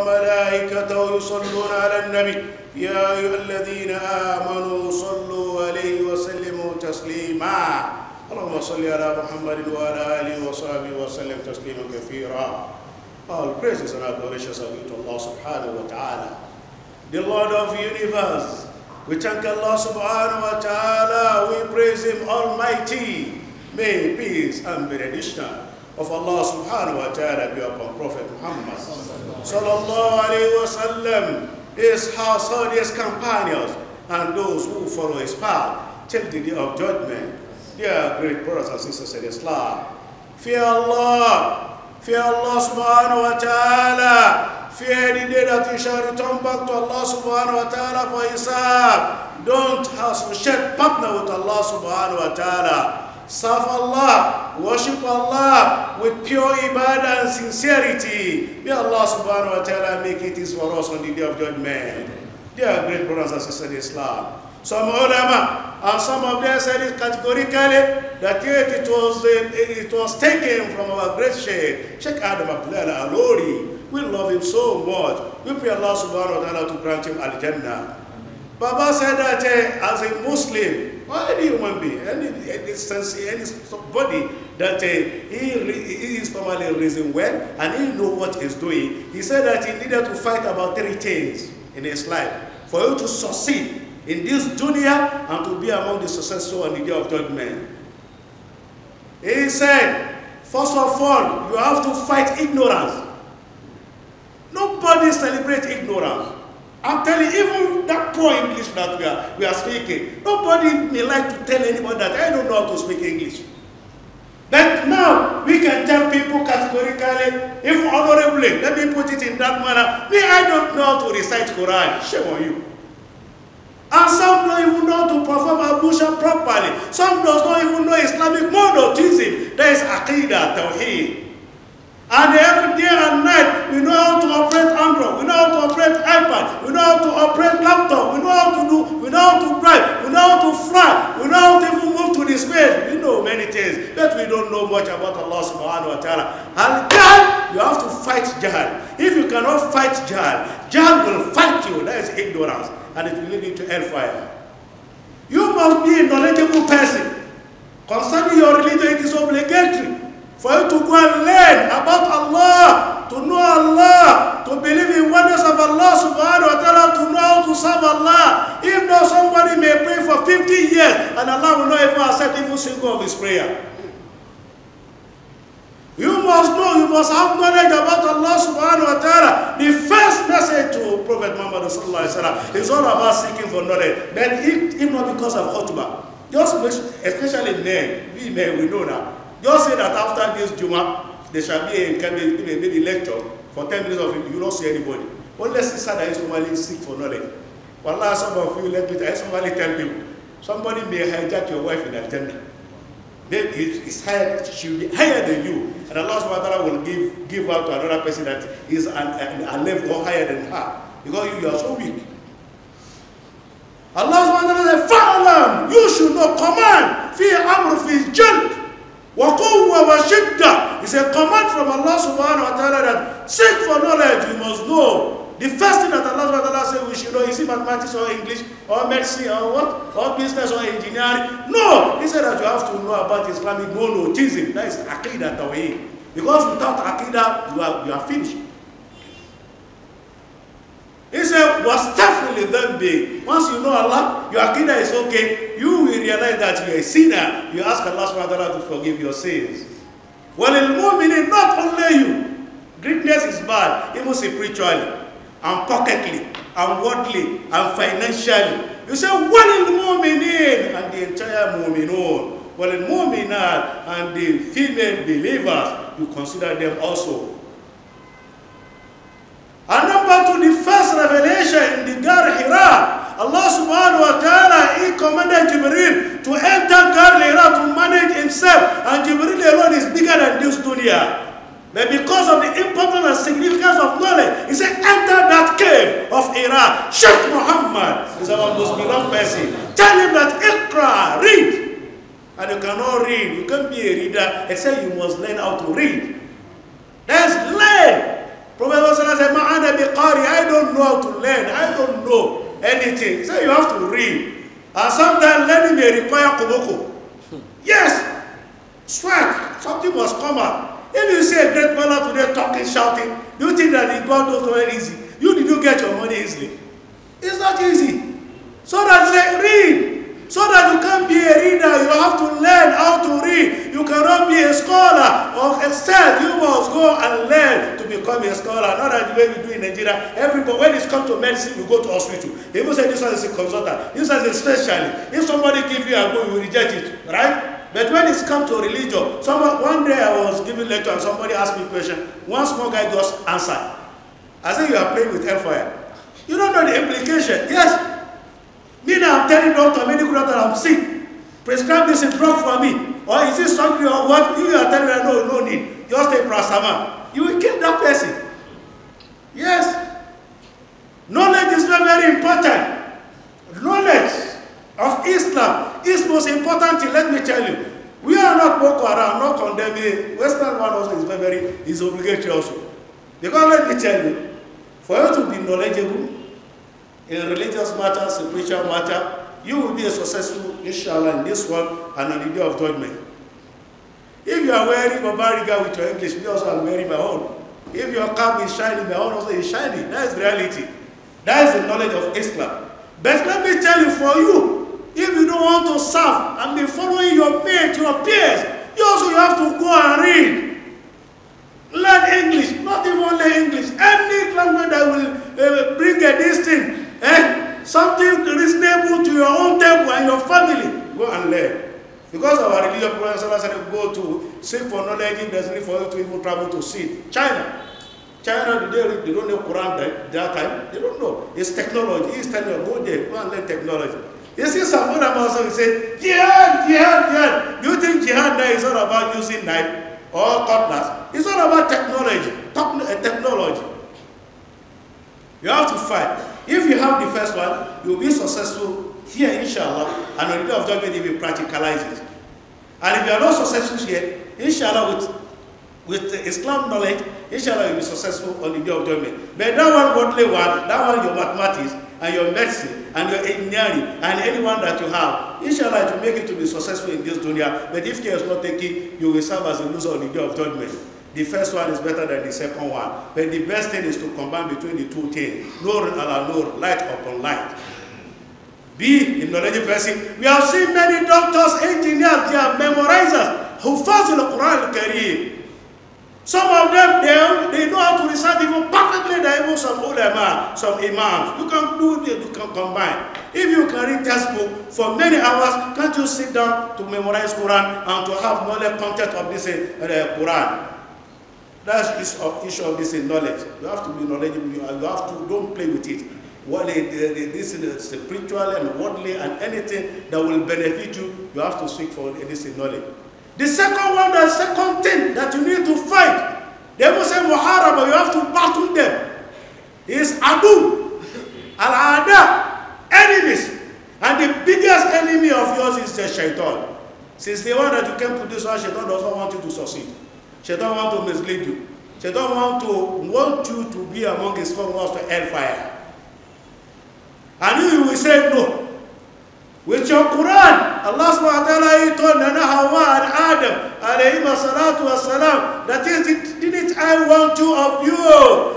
وملائكته يصلون على النبي يا أيها الذين آمنوا صلوا عليه وسلموا تسليما اللهم صل على محمد وعلى آله وصحبه وسلم تسليما كثيرا All praises and adorations are due to Allah subhanahu wa ta'ala the Lord of the universe we thank Allah subhanahu wa ta'ala we praise him almighty may peace and benediction of Allah subhanahu wa ta'ala be upon Prophet Muhammad sallallahu alayhi wa sallam, his household, his companions, and those who follow his path till the day of judgment. Dear great brothers and sisters in Islam, fear Allah, fear Allah subhanahu wa ta'ala, fear the day that you shall return back to Allah subhanahu wa ta'ala for sake. Don't associate partner with Allah subhanahu wa ta'ala. Serve Allah, worship Allah with pure ibadah and sincerity. May Allah subhanahu wa ta'ala make it easy for us on the day of judgment. They are great brothers and sisters in Islam. Some ulama, and some of them said it categorically that it, was, it was taken from our great Sheikh, Sheikh Adam Abdullah Alori. We love him so much. We pray Allah subhanahu wa ta'ala to grant him Al-Jannah. Baba said that uh, as a Muslim, or any human being, any, any, any body that uh, he, he is formally raising well and he know what he's doing. He said that he needed to fight about three things in his life for you to succeed in this junior and to be among the successful on the day of judgment. He said, first of all, you have to fight ignorance. Nobody celebrates ignorance. I'm telling you, even that poor English that we are, we are speaking, nobody may like to tell anybody that I don't know how to speak English. But now we can tell people categorically, if honorably, let me put it in that manner, me, I don't know how to recite Quran. Shame on you. And some don't even know how to perform ablution properly. Some does not even know Islamic monotheism. There is Aqidah, Tawheed. And every day and night, we know how to operate Android, we know how to operate iPad, we know how to operate laptop, we know how to do, we know how to drive, we know how to fly, we know how to even move to the space. We know many things, but we don't know much about Allah subhanahu wa ta'ala. And then you have to fight jihad. If you cannot fight jihad, jihad will fight you. That is ignorance, and it will lead you to hellfire. You must be a knowledgeable person. Concerning your religion, it is obligatory for you to go and learn about Allah, to know Allah, to believe in oneness of Allah subhanahu wa ta'ala, to know how to serve Allah. If not, somebody may pray for 50 years and Allah will not even accept even single of his prayer. You must know, you must have knowledge about Allah subhanahu wa ta'ala. The first message to Prophet Muhammad sallallahu alayhi wa sallam is all about seeking for knowledge. But if, if not because of khutbah, just especially men, we men, we know that. Just say that after this Juma, there shall be a maybe lecture for 10 minutes of it, you don't see anybody. Unless Only sister that is normally seek for knowledge. Allah, some of you, let me tell you, somebody tell people, somebody may hijack your wife in agenda. jannah Then it's higher, she'll be higher than you. And Allah subhanahu wa ta'ala will give, give out to another person that is an, an, a level higher than her. Because you, you are so weak. Allah subhanahu wa ta'ala said, you should not command, fi amru fi jinn. Waqawwa wa shidda is a command from Allah subhanahu wa ta'ala that seek for knowledge, you must know. The first thing that Allah subhanahu wa ta'ala says we should know, is it mathematics or English or medicine or what? Or business or engineering? No! He said that you have to know about Islamic monotheism. That is Aqidah Tawheed. Because without Aqidah, you are, you are finished. He said, definitely that be. Once you know Allah, your aqidah is okay. You will realize that you're a sinner. You ask Allah subhanahu wa ta'ala to forgive your sins. Well, in mu'minin, not only you. Greatness is bad, even spiritually, and pocketly, and worldly, and financially. You say, well, in mu'minin, and the entire mu'minun. Well, in mu'minat, and the female believers, you consider them also. And number two, revelation in the Dar Hira, Allah subhanahu wa ta'ala, he commanded Jibril to enter Dar Hira to manage himself. And Jibril alone is bigger than this dunya. But because of the importance and significance of knowledge, he said, enter that cave of Hira. Sheikh Muhammad is our most beloved person. Tell him that Iqra, read. And you cannot read. You can't be a reader He said, you must learn how to read. That's the Qari, I don't know how to learn. I don't know anything. So you have to read. And sometimes learning may require kuboko. Yes, sweat. Something must come out. If you see a great man today talking, shouting, do you think that the God knows very easy? You need to get your money easily. It's not easy. So that you read. So that you can be a reader, you have to learn how to read. You cannot be a scholar or excel. You must go and learn to become a scholar. Not that the way we do in Nigeria. Everybody, when it comes to medicine, you go to hospital. They say this one is a consultant, this one is a specialist. If somebody give you a book, you reject it, right? But when it's come to religion, someone, one day I was giving lecture and somebody asked me a question. One small guy just answered. I said, you are playing with hellfire. You don't know the implication. Yes. Me now, I'm telling doctor, medical doctor, I'm sick. Prescribe this drug for me. Or is it something or what? You are telling me, no, no need. Just a prasama. You will kill that person. Yes. Knowledge is not very important. Knowledge of Islam is most important let me tell you. We are not Boko Haram, not condemning. Western one also is very, is obligatory also. Because let me tell you, for you to be knowledgeable in religious matters, spiritual matter, you will be a successful, inshallah, in this world and on the day of judgment. If you are wearing Babariga with your English, me also am wearing my own. If your cap is shining, my own also is shining. That is reality. That is the knowledge of Islam. But let me tell you for you, if you don't want to serve and be following your mate, your peers, you also you have to go and read. Learn English, not even only English. Any language that will uh, bring a distinct, eh? something reasonable to your own temple and your family, go and learn. Because our religious professors said go to seek for knowledge, there's need for you to even travel to see China. China, they, they don't know Quran that, that time. They don't know. It's technology. It's technology. Go there, go and learn technology. You see someone also say, jihad, jihad, jihad. You think jihad now is all about using knife or cutlass. It's all about technology. Uh, technology. You have to fight. If you have the first one, you will be successful here, inshallah, and on the day of judgment, you will practicalize it. And if you are not successful here, inshallah, with with Islam knowledge, inshallah you'll be successful on the day of judgment. But that one worldly one, that one your mathematics and your medicine and your engineering and anyone that you have, inshallah to make it to be successful in this dunya. But if care is not taken, you will serve as a loser on the day of judgment. The first one is better than the second one. But the best thing is to combine between the two things. Nur ala nur, light upon light. Be a knowledgeable person. We have seen many doctors, engineers, they are memorizers who fast in the Quran Kareem. Some of them, they, they know how to recite even perfectly the even some ulama, some imams. You can do this, you can combine. If you can read textbook for many hours, can't you sit down to memorize Quran and to have knowledge content of this uh, Quran? That's issue of, issue of this knowledge. You have to be knowledgeable. You have to don't play with it. What this is spiritual and worldly and anything that will benefit you, you have to seek for this knowledge. The second one, the second thing that you need to fight, they will say but You have to battle them. Is adu, al ada, enemies, and the biggest enemy of yours is the shaitan. Since the one that you came to this one, shaitan does not want you to succeed. Shaitan want to mislead you. Shaitan want to want you to be among his followers to hellfire. And you will say no. With your Quran, Allah subhanahu wa ta'ala told Nana Hawa and Adam alayhi salatu wasalam, that is, it, didn't I want you of you?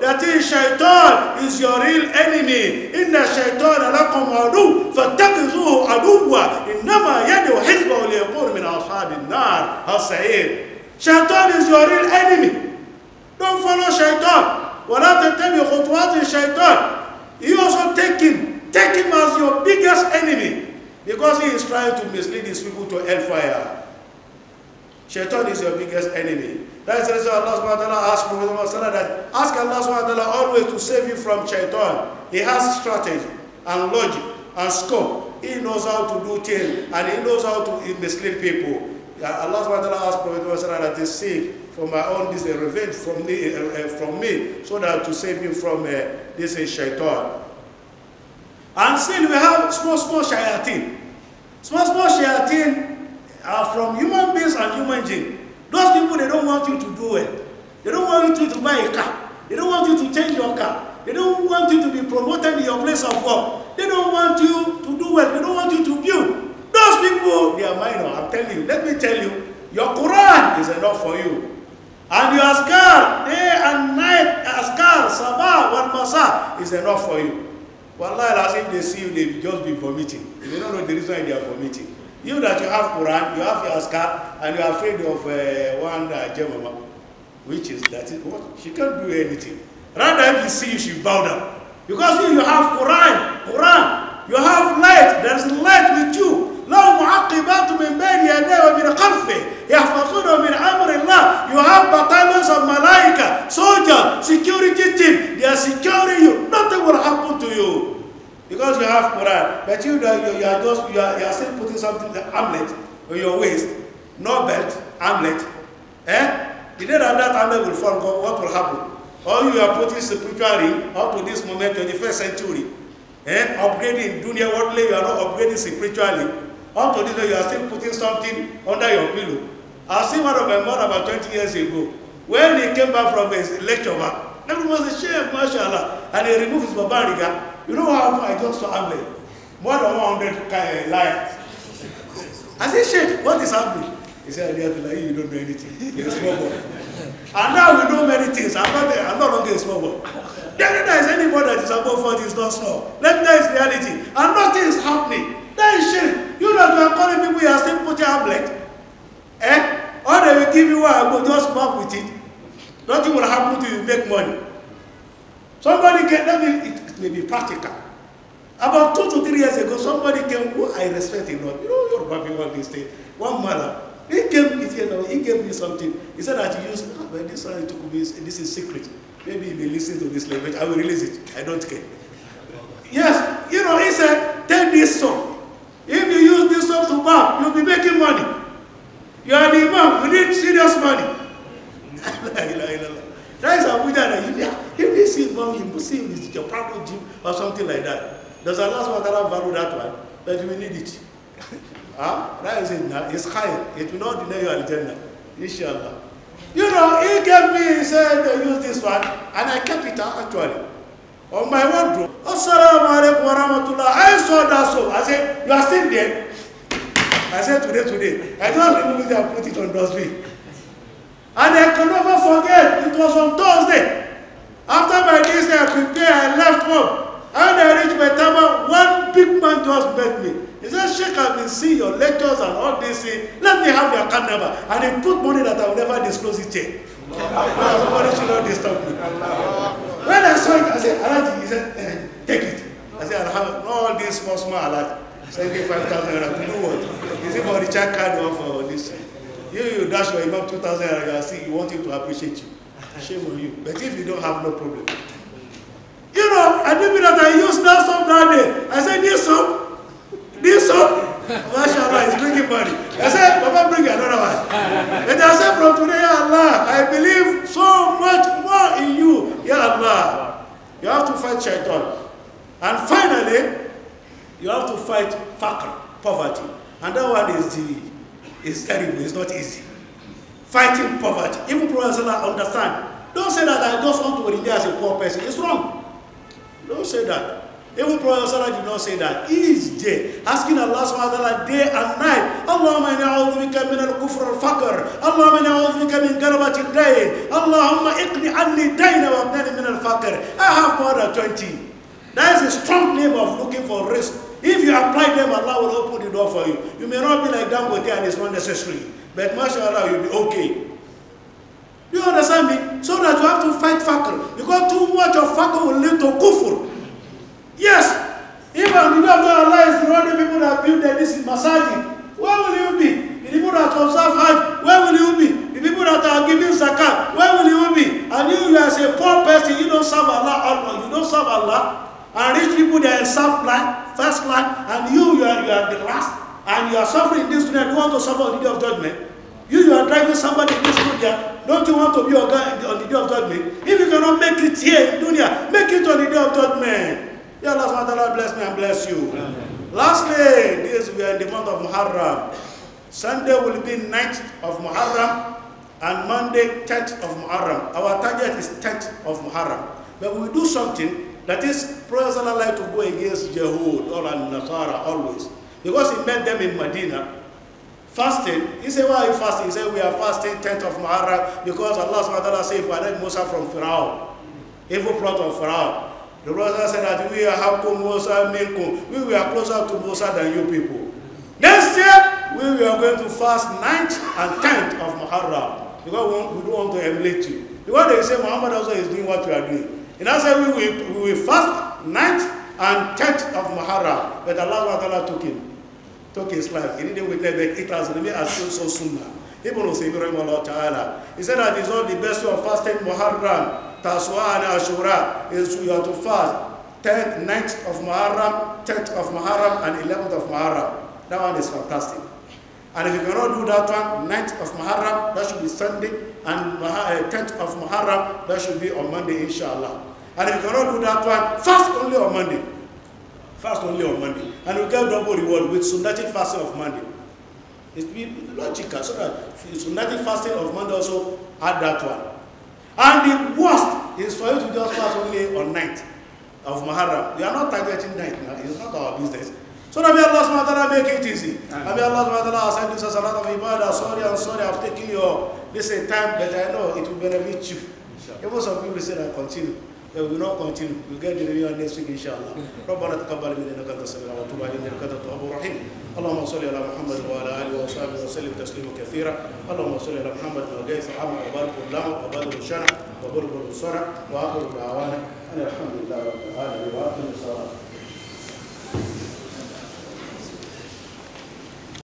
That is, shaitan is your real enemy. Inna shaitan alakum adu, fattakizuhu aduwa, innama yadu hizbahu liyakun min ashabin nar, al Shaitan is your real enemy. Don't follow shaitan. وَلَا تَتَّبِي خُطْوَاتِ Shaitan. You also take him. Take him as your biggest enemy. Because he is trying to mislead his people to hellfire. Shaitan is your biggest enemy. That is the reason Allah subhanahu wa ta'ala asked Prophet Muhammad that ask Allah subhanahu wa ta'ala always to save you from shaitan. He has strategy and logic and scope. He knows how to do things and he knows how to mislead people that uh, Allah subhanahu wa ta'ala asked Prophet Muhammad to seek for my own this uh, revenge from, uh, uh, from me so that to save you from uh, this uh, shaitan. And still we have small, small shayateen. Small, small shayateen are from human beings and human jinn. Those people, they don't want you to do it. They don't want you to buy a car. They don't want you to change your car. They don't want you to be promoted in your place of work. They don't want you to do well. They don't want you to build people, they are minor. I'm telling you. Let me tell you, your Quran is enough for you. And your askar, day and night, askar, sabah, one masa, is enough for you. Wallahi, as if they see you, they just be vomiting. They don't know the reason why they are vomiting. You that you have Quran, you have your askar, and you are afraid of uh, one uh, Jemama, which is, that is what? She can't do anything. Rather, if you see you, she bow down. Because you, you have Quran, Quran, you have light, there is يحفظون من أمر الله You have battalions of malaika, soldier, security team. They are securing you. Nothing will happen to you. Because you have Quran. But you, you, you are just you are, you are still putting something the amulet on your waist. No belt, amulet. Eh? The day that that amulet will fall, what will happen? Or you are putting spiritually up to this moment, 21st century. Eh? Upgrading dunya worldly, you are not upgrading spiritually. Up to this day, you are still putting something under your pillow. I seen one of my mother about 20 years ago. When he came back from his lecture, everyone was a ashamed, mashallah. And he removed his babariga. You know how I got to Amway? More than 100 eh, lions. I said, Sheikh, what is happening? He said, you don't know anything. You're a small boy. and now we know many things. I'm not, I'm not longer a small boy. there is anybody that is above 40 is not small. Then there is reality. And nothing is happening. That is shame. You know, you are calling people, you are still putting a black. give you one go just work with it. Nothing will happen to you, make money. Somebody get. let me, it may be practical. About two to three years ago, somebody came, who I respect a lot. You know, you baby one all these One mother, he came with you know, he gave me something. He said that you use, oh, but this one took me, this is secret. Maybe you may listen to this language, I will release it. I don't care. Yes, you know, he said, take this song. If you use this song to bow, you'll be serious money that is abuja nigeria if they see money you see it is your private gym or something like that does allah subhanahu value that one but we need it ah that is it it's high it will not deny your agenda. inshallah you know he gave me he said use this one and i kept it actually on my wardrobe. Assalamu alaikum warahmatullah. I saw that soap. I said, you are still there. I said, today, today. I just removed it and put it on dustbin. And I can never forget, it was on Thursday. After my days I prepared, I left home. And I reached my tower, one big man just met me. He said, Sheikh, I've been seeing your lectures and all this thing. Let me have your card number. And he put money that I will never disclose it yet. Somebody should not disturb me. When I saw it, I said, Alaji, he said, eh, take it. I said, I'll have all these small, small Alaji. Send me 5,000 naira. Do what? Is it for the child card or for this? You, you dash your imam 2,000 naira, see, you want him to appreciate you. Shame on you. But if you don't have no problem. You know, I did that I used that soap that day. I said, this soap, this song. MashaAllah, is bringing money. I said, Papa bring another one. And I said, from today, Allah, I believe so much more in you, Ya Allah. You have to fight shaitan. And finally, you have to fight Fakr poverty. And that one is the it's terrible, it's not easy. Fighting poverty. Even Prophet understand. Don't say that I just want to retire as a poor person. It's wrong. Don't say that. Even Prophet did not say that. He is there, asking Allah subhanahu wa ta'ala day and night. Allahumma inna a'udhu bika min al-kufr al-faqr. Allahumma inna a'udhu bika min garabat al-dayn. Allahumma iqni anni dayna wa abnani min al-faqr. I have more than 20. That is a strong name of looking for risk if you apply them, Allah will open the door for you. You may not be like Dangote and it's not necessary. But mashallah, you'll be okay. You understand me? So that you have to fight fakr. Because too much of fakr will lead to kufr. of judgment. May Allah SWT bless me and bless you. Amen. Lastly, this we are in the month of Muharram. Sunday will be 9th of Muharram and Monday 10th of Muharram. Our target is 10th of Muharram. But we do something that is, Prophet Allah like to go against Jehud or Nasara always. Because he met them in Medina, fasting. He said, why are you fasting? He said, we are fasting 10th of Muharram because Allah subhanahu wa ta'ala said, we Musa from Pharaoh, evil plot of Pharaoh. The brother said that we are We were closer to Musa than you people. Next year, we are going to fast ninth and 10th of Muharram. Because we don't want to emulate you. Because they say Muhammad also is doing what you are doing. And I said we will, we will fast ninth and 10th of Muharram. But Allah Allah took him. Took his life. He didn't witness that it has remained as so, so sunnah. Ibn Usaymi Ta'ala. He said that it's not the best way of fasting Muharram. Taswa and Ashura is you have to fast 10th, 9th of Muharram, 10th of Muharram, and 11th of Muharram. That one is fantastic. And if you cannot do that one, 9th of Muharram, that should be Sunday, and 10th uh, of Muharram, that should be on Monday, inshallah. And if you cannot do that one, fast only on Monday. Fast only on Monday. And you get double reward with Sunday fasting of Monday. It's logical, so that Sunday fasting of Monday also add that one. And the worst is for you to just pass only on night of Muharram. We are not targeting night now. It's not our business. So may Allah subhanahu make it easy. Amen. And may Allah subhanahu wa ta'ala this as a lot of ibadah. Sorry, I'm sorry, I've taken your, this time, but I know it will benefit you. Even some people say that continue. we will not continue. We'll get the review next week, inshallah. ربنا تقبل منا انك انت السميع العليم وتب علينا انك انت التواب الرحيم. اللهم صل على محمد وعلى اله وصحبه وسلم تسليما كثيرا. اللهم صل على محمد وجيث عمر وبارك الله وبدر الشنع وبلبل الصنع واخر دعوانا ان الحمد لله رب العالمين واخر الصلاه.